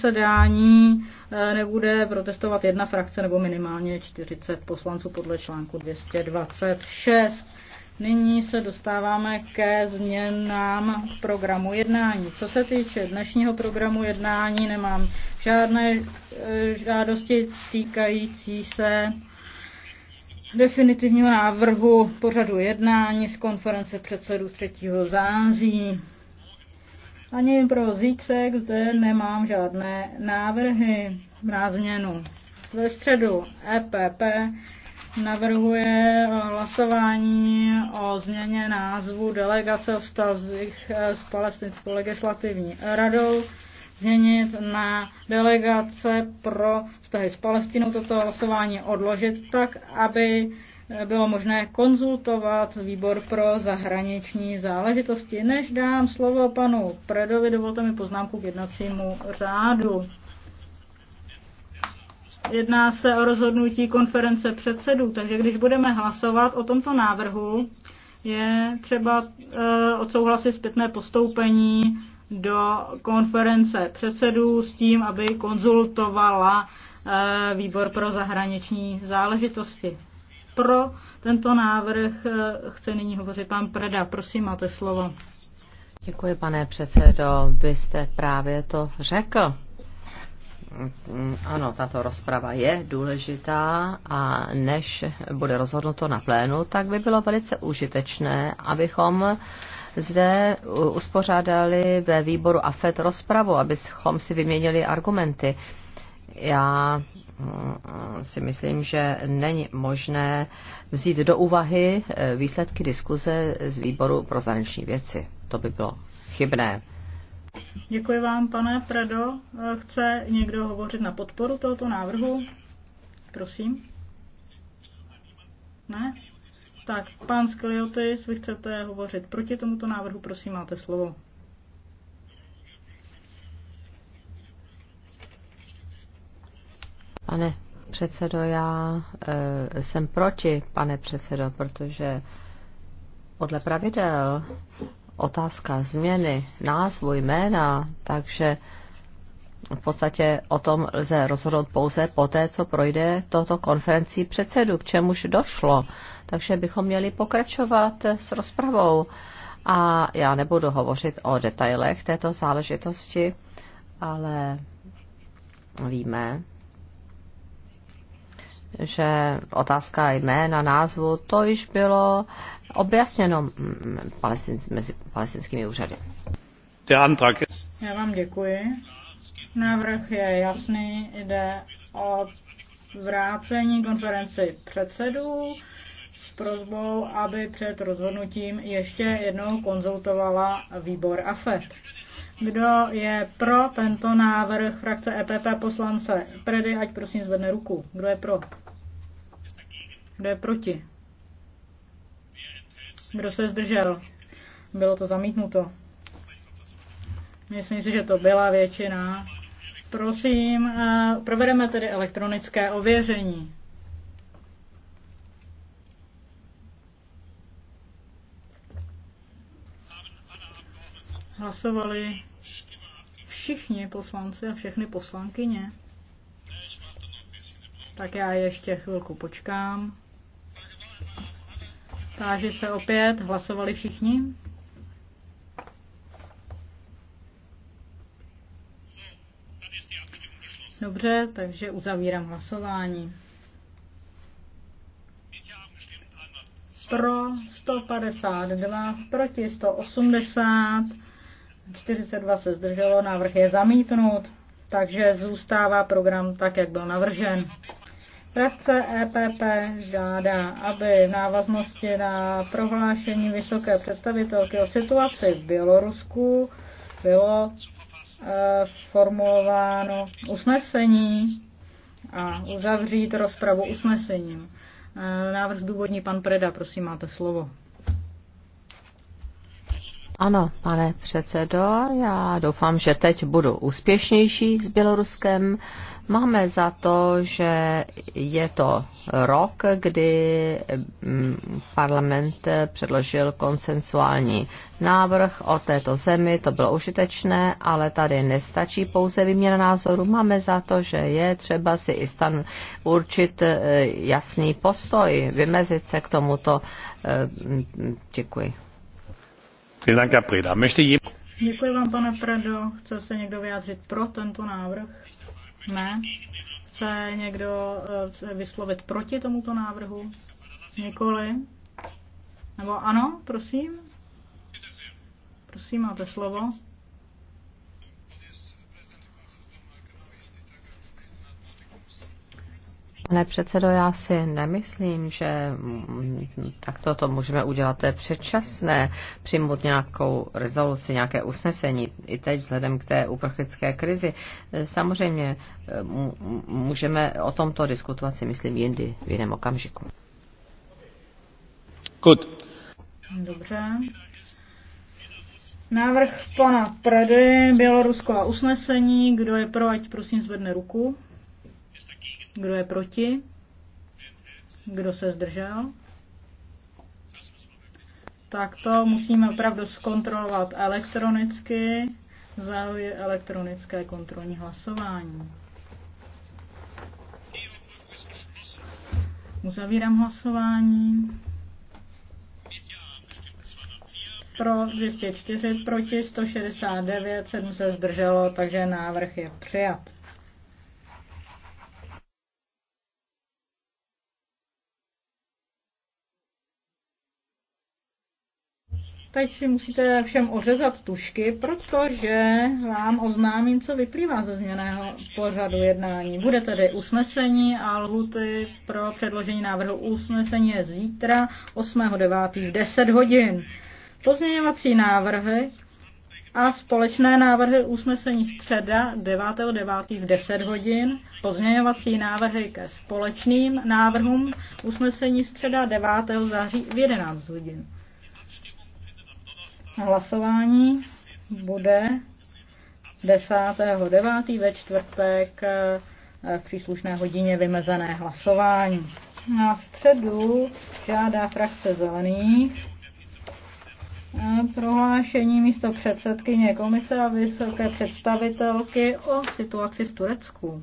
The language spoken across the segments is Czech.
zasedání eh, nebude protestovat jedna frakce nebo minimálně 40 poslanců podle článku 226. Nyní se dostáváme ke změnám programu jednání. Co se týče dnešního programu jednání, nemám žádné eh, žádosti týkající se definitivního návrhu pořadu jednání z konference předsedů 3. září. Ani pro zítřek zde nemám žádné návrhy na změnu. Ve středu EPP navrhuje hlasování o změně názvu delegace o vztazích eh, s palestinskou legislativní radou změnit na delegace pro vztahy s Palestinou toto hlasování odložit tak, aby bylo možné konzultovat výbor pro zahraniční záležitosti. Než dám slovo panu Predovi, dovolte mi poznámku k jednacímu řádu. Jedná se o rozhodnutí konference předsedů, takže když budeme hlasovat o tomto návrhu, je třeba e, odsouhlasit zpětné postoupení do konference předsedů s tím, aby konzultovala e, výbor pro zahraniční záležitosti pro tento návrh eh, chce nyní hovořit pan Preda. Prosím, máte slovo. Děkuji, pane předsedo. Vy jste právě to řekl. Ano, tato rozprava je důležitá a než bude rozhodnuto na plénu, tak by bylo velice užitečné, abychom zde uspořádali ve výboru AFET rozpravu, abychom si vyměnili argumenty já mm, si myslím, že není možné vzít do úvahy eh, výsledky diskuze z výboru pro zahraniční věci. To by bylo chybné. Děkuji vám, pane Predo. Eh, chce někdo hovořit na podporu tohoto návrhu? Prosím. Ne? Tak, pán Skliotis, vy chcete hovořit proti tomuto návrhu, prosím, máte slovo. Pane předsedo, já e, jsem proti, pane předsedo, protože podle pravidel otázka změny názvu jména, takže v podstatě o tom lze rozhodnout pouze poté, co projde toto konferenci předsedu, k čemuž došlo. Takže bychom měli pokračovat s rozpravou. A já nebudu hovořit o detailech této záležitosti, ale víme, že otázka jména, názvu, to již bylo objasněno mezi palestinskými úřady. Já vám děkuji. Návrh je jasný, jde o vrácení konferenci předsedů s prozbou, aby před rozhodnutím ještě jednou konzultovala výbor AFET. Kdo je pro tento návrh frakce EPP poslance Predy, ať prosím zvedne ruku. Kdo je pro? Kdo je proti? Kdo se zdržel? Bylo to zamítnuto. Myslím si, že to byla většina. Prosím, eh, provedeme tedy elektronické ověření. hlasovali všichni poslanci a všechny poslankyně. Tak já ještě chvilku počkám. Táži se opět, hlasovali všichni? Dobře, takže uzavírám hlasování. Pro 152, proti 180 42 se zdrželo, návrh je zamítnut, takže zůstává program tak, jak byl navržen. Frakce EPP žádá, aby v návaznosti na prohlášení vysoké představitelky o situaci v Bělorusku bylo e, formulováno usnesení a uzavřít rozpravu usnesením. E, návrh zdůvodní pan Preda, prosím, máte slovo. Ano, pane předsedo, já doufám, že teď budu úspěšnější s Běloruskem. Máme za to, že je to rok, kdy mm, parlament předložil konsensuální návrh o této zemi. To bylo užitečné, ale tady nestačí pouze výměna názoru. Máme za to, že je třeba si i stan určit e, jasný postoj, vymezit se k tomuto. E, děkuji. Děkuji vám, pane Predo. Chce se někdo vyjádřit pro tento návrh? Ne. Chce někdo se eh, vyslovit proti tomuto návrhu? Nikoli. Nebo ano, prosím? Prosím, máte slovo. Pane předsedo, já si nemyslím, že takto to můžeme udělat. To je předčasné přijmout nějakou rezoluci, nějaké usnesení, i teď vzhledem k té uprchlické krizi. Samozřejmě eh, můžeme o tomto diskutovat si myslím jindy, v jiném okamžiku. Good. Dobře. Návrh pana Predy, Bělorusko a usnesení. Kdo je pro, ať prosím zvedne ruku. Kdo je proti? Kdo se zdržel? Tak to musíme opravdu zkontrolovat elektronicky. Zahajuje elektronické kontrolní hlasování. Uzavírám hlasování. Pro 204, proti 169, 7 se zdrželo, takže návrh je přijat. Teď si musíte všem ořezat tušky, protože vám oznámím, co vyplývá ze změného pořadu jednání. Bude tedy usnesení a lhuty pro předložení návrhu usnesení je zítra 8.9. v 10 hodin. Pozměňovací návrhy a společné návrhy usnesení středa 9.9. v 10 hodin, pozměňovací návrhy ke společným návrhům usnesení středa 9. září v 11 hodin. Hlasování bude 10.9. ve čtvrtek v příslušné hodině vymezené hlasování. Na středu žádá frakce zelených prohlášení místo předsedkyně komise a vysoké představitelky o situaci v Turecku.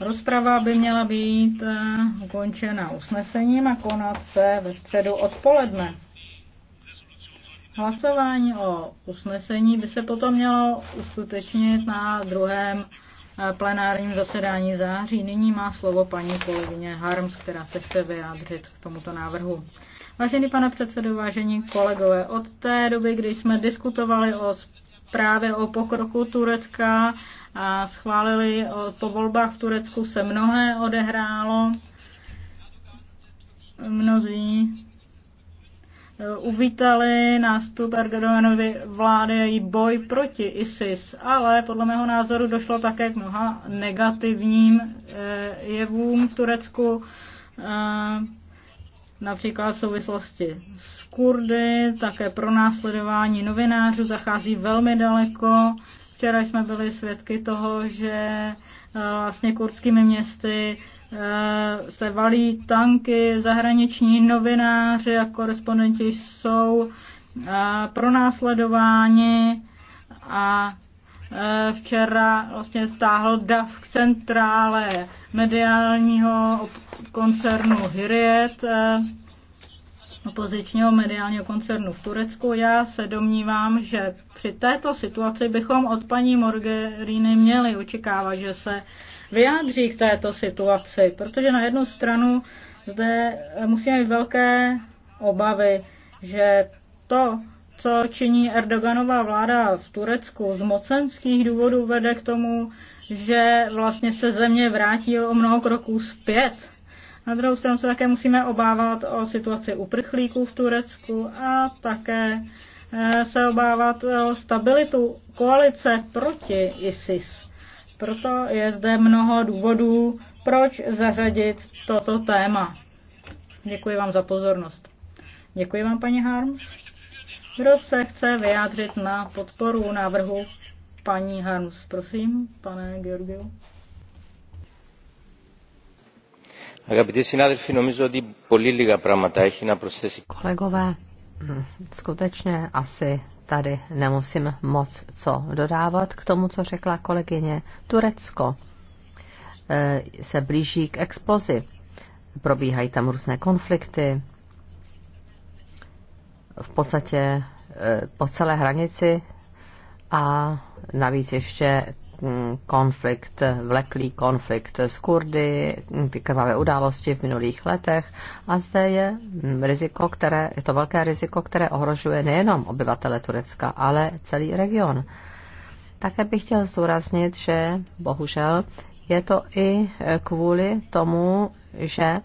Rozprava by měla být eh, ukončena usnesením a konat se ve středu odpoledne. Hlasování o usnesení by se potom mělo uskutečnit na druhém eh, plenárním zasedání září. Nyní má slovo paní kolegyně Harms, která se chce vyjádřit k tomuto návrhu. Vážený pane předsedo, vážení kolegové, od té doby, kdy jsme diskutovali o právě o pokroku Turecka a schválili po volbách v Turecku se mnohé odehrálo. Mnozí eh, uvítali nástup Erdoganovy vlády a její boj proti ISIS, ale podle mého názoru došlo také k mnoha negativním eh, jevům v Turecku eh, například v souvislosti s Kurdy, také pro následování novinářů zachází velmi daleko. Včera jsme byli svědky toho, že eh, vlastně kurdskými městy eh, se valí tanky, zahraniční novináři a korespondenti jsou eh, pronásledováni a Eh, včera vlastně stáhl DAF k centrále mediálního koncernu Hyriet, eh, opozičního mediálního koncernu v Turecku. Já se domnívám, že při této situaci bychom od paní Morgerini měli očekávat, že se vyjádří k této situaci, protože na jednu stranu zde musíme mít velké obavy, že to, co činí Erdoganová vláda v Turecku z mocenských důvodů vede k tomu, že vlastně se země vrátí o mnoho kroků zpět. Na druhou stranu se také musíme obávat o situaci uprchlíků v Turecku a také eh, se obávat o stabilitu koalice proti ISIS. Proto je zde mnoho důvodů, proč zařadit toto téma. Děkuji vám za pozornost. Děkuji vám, paní Harms. Kdo se chce vyjádřit na podporu návrhu paní Harms? Prosím, pane Georgiu. Αγαπητοί συνάδελφοι, νομίζω ότι πολύ λίγα πράγματα έχει να προσθέσει. Kolegové, skutečně asi tady nemusím moc co dodávat k tomu, co řekla kolegyně. Turecko eh, se blíží k explozi. Probíhají tam různé konflikty, v podstatě e, po celé hranici a navíc ještě mm, konflikt, vleklý konflikt s Kurdy, ty krvavé události v minulých letech. A zde je mm, riziko, které, je to velké riziko, které ohrožuje nejenom obyvatele Turecka, ale celý region. Také bych chtěl zdůraznit, že bohužel je to i e, kvůli tomu, že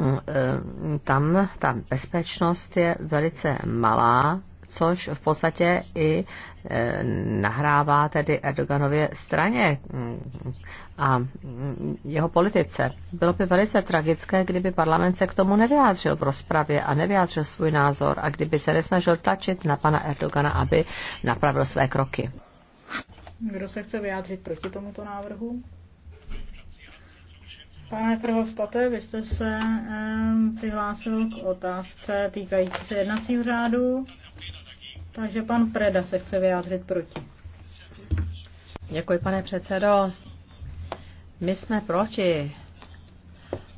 Eh, tam ta bezpečnost je velice malá, což v podstatě i eh, nahrává tedy Erdoganově straně mm, a mm, jeho politice. Bylo by velice tragické, kdyby parlament se k tomu nevyjádřil v rozpravě a nevyjádřil svůj názor a kdyby se nesnažil tlačit na pana Erdogana, aby napravil své kroky. Kdo se chce vyjádřit proti tomuto návrhu? Pane Trhovstate, vy jste se um, přihlásil k otázce týkající se jednacího řádu, takže pan Preda se chce vyjádřit proti. Děkuji, pane předsedo. My jsme proti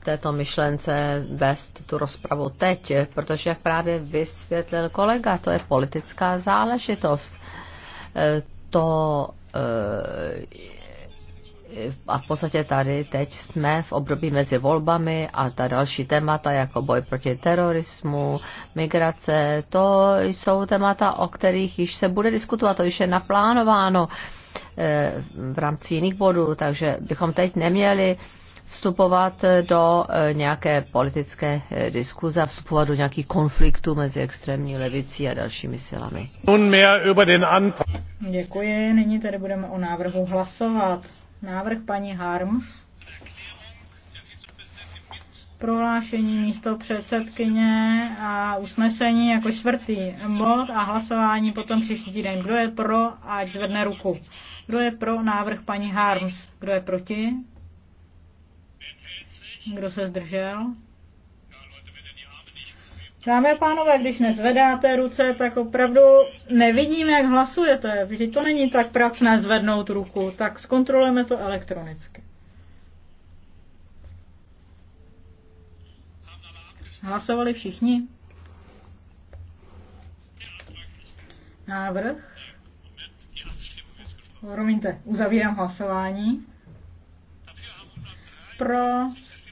této myšlence vést tu rozpravu teď, protože, jak právě vysvětlil kolega, to je politická záležitost. E, to e, a v podstatě tady teď jsme v období mezi volbami a ta další témata jako boj proti terorismu, migrace, to jsou témata, o kterých již se bude diskutovat, to již je naplánováno eh, v rámci jiných bodů, takže bychom teď neměli vstupovat do eh, nějaké politické eh, diskuze a vstupovat do nějakých konfliktů mezi extrémní levicí a dalšími silami. Děkuji, nyní tedy budeme o návrhu hlasovat. Návrh paní Harms. Prohlášení místo předsedkyně a usnesení jako čtvrtý bod a hlasování potom příští týden. Kdo je pro, ať zvedne ruku. Kdo je pro návrh paní Harms? Kdo je proti? Kdo se zdržel? Dámy a pánové, když nezvedáte ruce, tak opravdu nevidím, jak hlasujete. Vždyť to není tak pracné zvednout ruku, tak zkontrolujeme to elektronicky. Hlasovali všichni? Návrh? Promiňte, uzavírám hlasování. Pro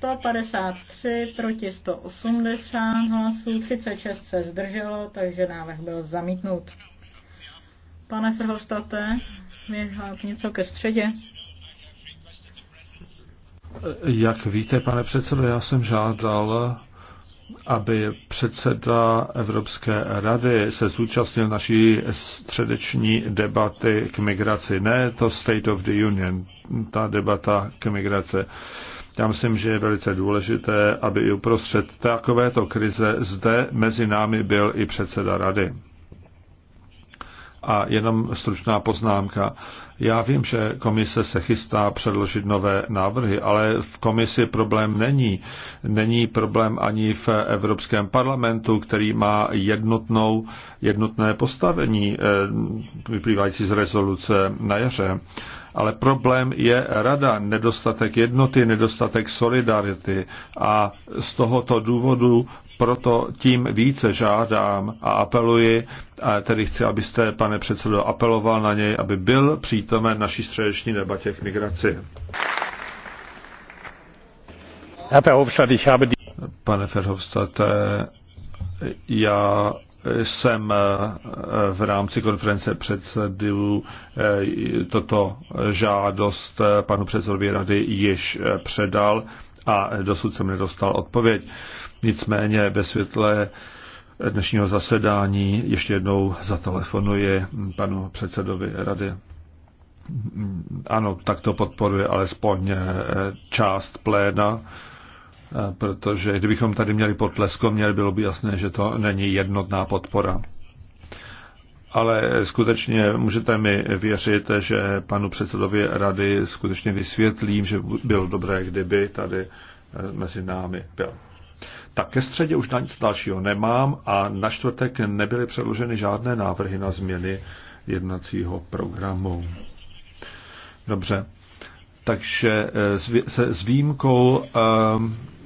153 proti 180 hlasů, 36 se zdrželo, takže návrh byl zamítnut. Pane Frhostate, je něco ke středě? Jak víte, pane předsedo, já jsem žádal, aby předseda Evropské rady se zúčastnil naší středeční debaty k migraci. Ne to State of the Union, ta debata k migraci. Já myslím, že je velice důležité, aby i uprostřed takovéto krize zde mezi námi byl i předseda rady. A jenom stručná poznámka. Já vím, že komise se chystá předložit nové návrhy, ale v komisi problém není. Není problém ani v Evropském parlamentu, který má jednotnou, jednotné postavení eh, vyplývající z rezoluce na jaře. Ale problém je rada, nedostatek jednoty, nedostatek solidarity. A z tohoto důvodu proto tím více žádám a apeluji, a tedy chci, abyste, pane předsedo, apeloval na něj, aby byl přítomen naší středeční debatě k migraci. Pane Verhofstadt, já jsem eh, v rámci konference předsedů eh, toto žádost eh, panu předsedovi rady již předal a dosud jsem nedostal odpověď. Nicméně ve světle dnešního zasedání ještě jednou zatelefonuji panu předsedovi rady. Ano, tak to podporuje alespoň eh, část pléna, eh, protože kdybychom tady měli potlesko, měli bylo by jasné, že to není jednotná podpora ale skutečně můžete mi věřit, že panu předsedovi rady skutečně vysvětlím, že bylo dobré, kdyby tady eh, mezi námi byl. Tak ke středě už na nic dalšího nemám a na čtvrtek nebyly předloženy žádné návrhy na změny jednacího programu. Dobře, takže eh, s výjimkou eh,